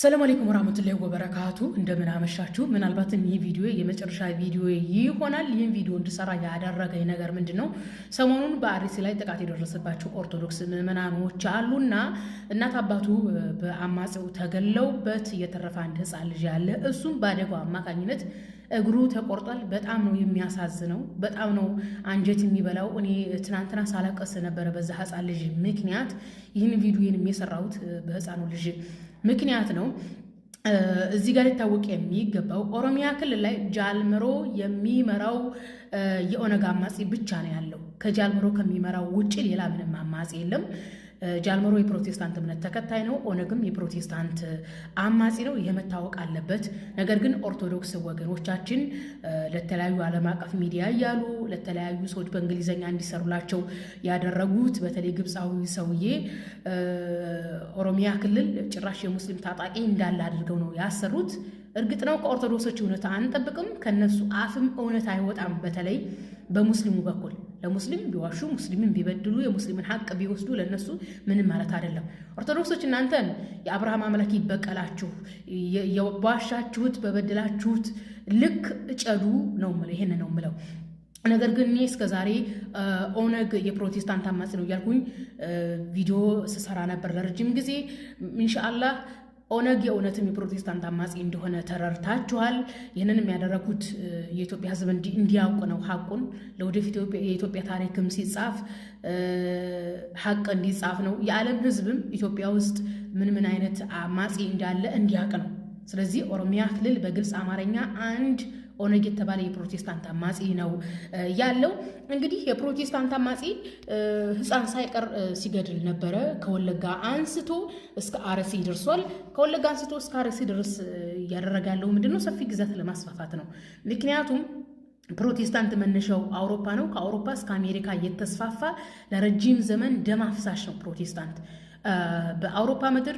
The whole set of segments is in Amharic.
ሰላም አለይኩም ወራህመቱላሂ ወበረካቱ፣ እንደምን አመሻችሁ። ምናልባትም ይህ ቪዲዮ የመጨረሻ ቪዲዮ ይሆናል። ይህን ቪዲዮ እንድሰራ ያደረገኝ ነገር ምንድን ነው? ሰሞኑን በአርሲ ላይ ጥቃት የደረሰባቸው ኦርቶዶክስ ምዕመናኖች አሉና እናት አባቱ በአማጺው ተገለውበት የተረፈ አንድ ህፃን ልጅ ያለ እሱም በአደጋው አማካኝነት እግሩ ተቆርጧል። በጣም ነው የሚያሳዝነው። በጣም ነው አንጀት የሚበላው። እኔ ትናንትና ሳላቀስ ነበረ በዛ ህፃን ልጅ ምክንያት። ይህን ቪዲዮንም የሰራሁት በህፃኑ ልጅ ምክንያት ነው። እዚህ ጋር ሊታወቅ የሚገባው ኦሮሚያ ክልል ላይ ጃልምሮ የሚመራው የኦነግ አማጺ ብቻ ነው ያለው። ከጃልምሮ ከሚመራው ውጭ ሌላ ምንም አማጺ የለም። ጃልመሮ የፕሮቴስታንት እምነት ተከታይ ነው። ኦነግም የፕሮቴስታንት አማጺ ነው። ይህ መታወቅ አለበት። ነገር ግን ኦርቶዶክስ ወገኖቻችን ለተለያዩ ዓለም አቀፍ ሚዲያ እያሉ ለተለያዩ ሰዎች በእንግሊዝኛ እንዲሰሩላቸው ያደረጉት በተለይ ግብፃዊ ሰውዬ ኦሮሚያ ክልል ጭራሽ የሙስሊም ታጣቂ እንዳለ አድርገው ነው ያሰሩት። እርግጥ ነው ከኦርቶዶክሶች እውነት አንጠብቅም፣ ከነሱ አፍም እውነት አይወጣም። በተለይ በሙስሊሙ በኩል ለሙስሊም ቢዋሹ ሙስሊምን ቢበድሉ የሙስሊምን ሀቅ ቢወስዱ ለነሱ ምንም ማለት አይደለም። ኦርቶዶክሶች እናንተን የአብርሃም አምላክ ይበቀላችሁ፣ የዋሻችሁት በበድላችሁት ልክ እጨዱ ነው ምለው፣ ይሄን ነው ምለው። ነገር ግን እኔ እስከዛሬ ኦነግ የፕሮቴስታንት አማጺ ነው እያልኩኝ ቪዲዮ ስሰራ ነበር ለረጅም ጊዜ ኢንሻአላህ ኦነግ የእውነትም የፕሮቴስታንት አማጺ እንደሆነ ተረርታችኋል። ይህንን የሚያደረጉት የኢትዮጵያ ሕዝብ እንዲያውቅ ነው ሀቁን ለወደፊት የኢትዮጵያ ታሪክም ሲጻፍ ሀቅ እንዲጻፍ ነው። የዓለም ሕዝብም ኢትዮጵያ ውስጥ ምን ምን አይነት አማጺ እንዳለ እንዲያውቅ ነው። ስለዚህ ኦሮሚያ ክልል በግልጽ አማርኛ አንድ ኦነግ የተባለ የፕሮቴስታንት አማጺ ነው ያለው። እንግዲህ የፕሮቴስታንት አማጺ ህፃን ሳይቀር ሲገድል ነበረ። ከወለጋ አንስቶ እስከ አረሲ ደርሷል። ከወለጋ አንስቶ እስከ አረሲ ድረስ እያደረገ ያለው ምንድነው? ሰፊ ግዛት ለማስፋፋት ነው። ምክንያቱም ፕሮቴስታንት መነሻው አውሮፓ ነው። ከአውሮፓ እስከ አሜሪካ እየተስፋፋ ለረጅም ዘመን ደም አፍሳሽ ነው ፕሮቴስታንት በአውሮፓ ምድር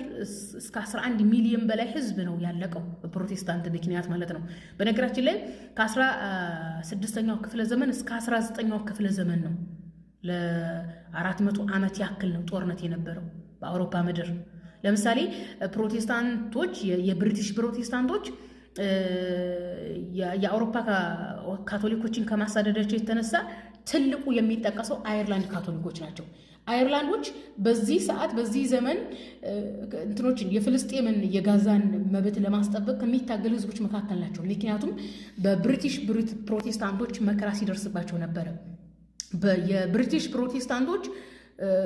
እስከ 11 ሚሊዮን በላይ ህዝብ ነው ያለቀው በፕሮቴስታንት ምክንያት ማለት ነው። በነገራችን ላይ ከ16ኛው ክፍለ ዘመን እስከ 19ኛው ክፍለ ዘመን ነው ለ400 ዓመት ያክል ነው ጦርነት የነበረው በአውሮፓ ምድር። ለምሳሌ ፕሮቴስታንቶች የብሪቲሽ ፕሮቴስታንቶች የአውሮፓ ካቶሊኮችን ከማሳደዳቸው የተነሳ ትልቁ የሚጠቀሰው አየርላንድ ካቶሊኮች ናቸው። አየርላንዶች በዚህ ሰዓት በዚህ ዘመን እንትኖችን የፍልስጤምን የጋዛን መብት ለማስጠበቅ ከሚታገሉ ህዝቦች መካከል ናቸው። ምክንያቱም በብሪቲሽ ፕሮቴስታንቶች መከራ ሲደርስባቸው ነበረ። የብሪቲሽ ፕሮቴስታንቶች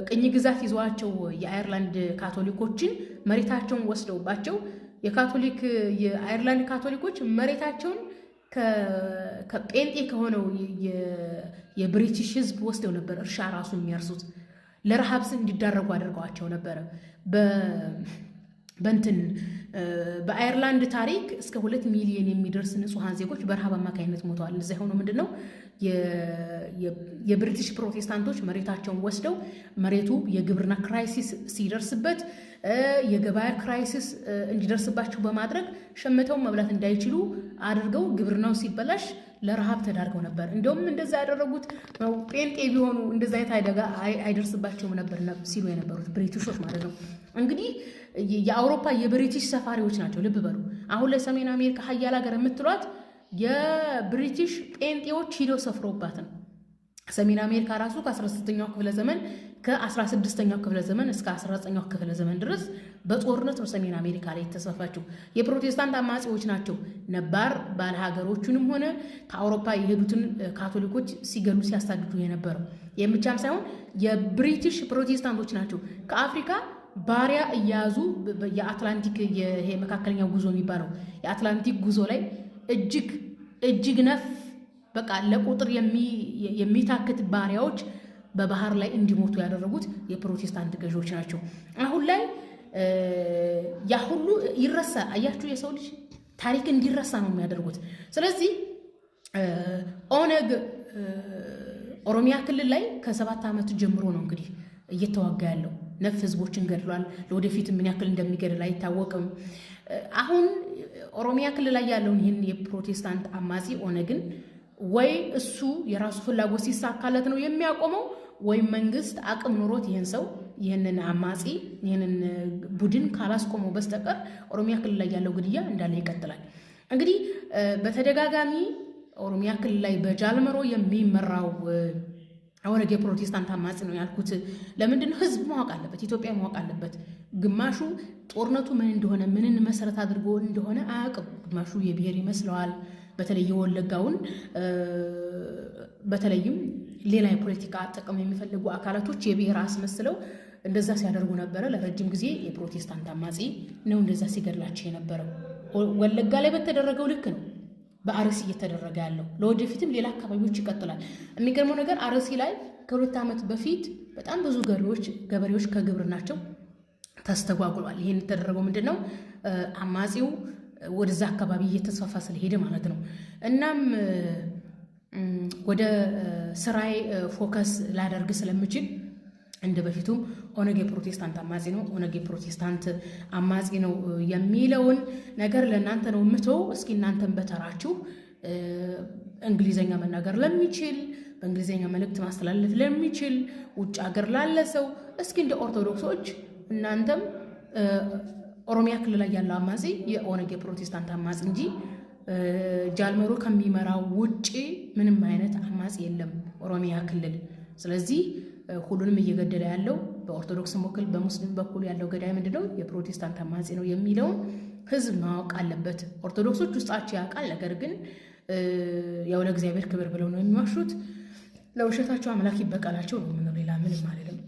ቅኝ ግዛት ይዘዋቸው የአየርላንድ ካቶሊኮችን መሬታቸውን ወስደውባቸው የካቶሊክ የአየርላንድ ካቶሊኮች መሬታቸውን ከጴንጤ ከሆነው የብሪቲሽ ህዝብ ወስደው ነበር እርሻ ራሱ የሚያርሱት። ለረሃብስ እንዲዳረጉ አድርገዋቸው ነበረ በእንትን በአየርላንድ ታሪክ እስከ ሁለት ሚሊዮን የሚደርስ ንጹሐን ዜጎች በረሃብ አማካኝነት ሞተዋል። እዚያ የሆነው ምንድን ነው? የብሪቲሽ ፕሮቴስታንቶች መሬታቸውን ወስደው መሬቱ የግብርና ክራይሲስ ሲደርስበት የገበያ ክራይሲስ እንዲደርስባቸው በማድረግ ሸምተው መብላት እንዳይችሉ አድርገው ግብርናው ሲበላሽ ለረሃብ ተዳርገው ነበር። እንዲሁም እንደዛ ያደረጉት ጴንጤ ቢሆኑ እንደዛ አይነት አደጋ አይደርስባቸውም ነበር ሲሉ የነበሩት ብሪቲሾች ማለት ነው። እንግዲህ የአውሮፓ የብሪቲሽ ሰፋሪዎች ናቸው። ልብ በሉ። አሁን ለሰሜን አሜሪካ ሀያል ሀገር የምትሏት የብሪቲሽ ጴንጤዎች ሂደው ሰፍረውባት ነው። ሰሜን አሜሪካ ራሱ ከ16ኛው ክፍለ ዘመን ከ16ኛው ክፍለ ዘመን እስከ 19ኛው ክፍለ ዘመን ድረስ በጦርነት ነው ሰሜን አሜሪካ ላይ የተሰፋችው። የፕሮቴስታንት አማጺዎች ናቸው ነባር ባለ ሀገሮቹንም ሆነ ከአውሮፓ የሄዱትን ካቶሊኮች ሲገሉ ሲያሳድዱ የነበረው የምቻም ሳይሆን የብሪቲሽ ፕሮቴስታንቶች ናቸው ከአፍሪካ ባሪያ እያያዙ የአትላንቲክ ይሄ መካከለኛ ጉዞ የሚባለው የአትላንቲክ ጉዞ ላይ እጅግ እጅግ ነፍ በቃ ለቁጥር የሚታክት ባሪያዎች በባህር ላይ እንዲሞቱ ያደረጉት የፕሮቴስታንት ገዢዎች ናቸው። አሁን ላይ ያ ሁሉ ይረሳ። አያችሁ፣ የሰው ልጅ ታሪክ እንዲረሳ ነው የሚያደርጉት። ስለዚህ ኦነግ ኦሮሚያ ክልል ላይ ከሰባት ዓመት ጀምሮ ነው እንግዲህ እየተዋጋ ያለው ነፍ ህዝቦችን ገድሏል። ለወደፊት ምን ያክል እንደሚገድል አይታወቅም። አሁን ኦሮሚያ ክልል ላይ ያለውን ይህን የፕሮቴስታንት አማጺ ኦነግን ወይ እሱ የራሱ ፍላጎት ሲሳካለት ነው የሚያቆመው ወይም መንግስት አቅም ኑሮት ይህን ሰው ይህንን አማጺ ይህንን ቡድን ካላስቆመው በስተቀር ኦሮሚያ ክልል ላይ ያለው ግድያ እንዳለ ይቀጥላል። እንግዲህ በተደጋጋሚ ኦሮሚያ ክልል ላይ በጃልመሮ የሚመራው አወረድ የፕሮቴስታንት አማጽ ነው ያልኩት ለምንድነው ህዝብ ማወቅ አለበት፣ ኢትዮጵያ ማወቅ አለበት። ግማሹ ጦርነቱ ምን እንደሆነ ምንን መሰረት አድርጎ እንደሆነ አያውቅም። ግማሹ የብሔር ይመስለዋል። በተለይ የወለጋውን በተለይም ሌላ የፖለቲካ ጥቅም የሚፈልጉ አካላቶች የብሔር አስመስለው እንደዛ ሲያደርጉ ነበረ ለረጅም ጊዜ። የፕሮቴስታንት አማጺ ነው እንደዛ ሲገድላቸው የነበረው። ወለጋ ላይ በተደረገው ልክ ነው። በአርሲ እየተደረገ ያለው ለወደፊትም ሌላ አካባቢዎች ይቀጥላል። የሚገርመው ነገር አርሲ ላይ ከሁለት ዓመት በፊት በጣም ብዙ ገሪዎች ገበሬዎች ከግብርናቸው ተስተጓጉሏል። ይህን የተደረገው ምንድን ነው? አማጺው ወደዛ አካባቢ እየተስፋፋ ስለሄደ ማለት ነው። እናም ወደ ስራይ ፎከስ ላደርግ ስለምችል እንደ በፊቱ ኦነግ የፕሮቴስታንት አማጺ ነው፣ ኦነግ የፕሮቴስታንት አማጺ ነው የሚለውን ነገር ለእናንተ ነው ምተው። እስኪ እናንተን በተራችሁ እንግሊዘኛ መናገር ለሚችል በእንግሊዘኛ መልእክት ማስተላለፍ ለሚችል ውጭ ሀገር ላለ ሰው እስኪ እንደ ኦርቶዶክሶች እናንተም ኦሮሚያ ክልል ላይ ያለው አማጺ የኦነግ የፕሮቴስታንት አማጺ እንጂ ጃልመሮ ከሚመራው ውጭ ምንም አይነት አማጺ የለም ኦሮሚያ ክልል ስለዚህ ሁሉንም እየገደለ ያለው በኦርቶዶክስ በኩል በሙስሊም በኩል ያለው ገዳይ ምንድነው? የፕሮቴስታንት አማጺ ነው የሚለውን ህዝብ ማወቅ አለበት። ኦርቶዶክሶች ውስጣቸው ያውቃል። ነገር ግን ያው ለእግዚአብሔር ክብር ብለው ነው የሚዋሹት። ለውሸታቸው አምላክ ይበቃላቸው ነው ምንም ሌላ ምንም አይደለም።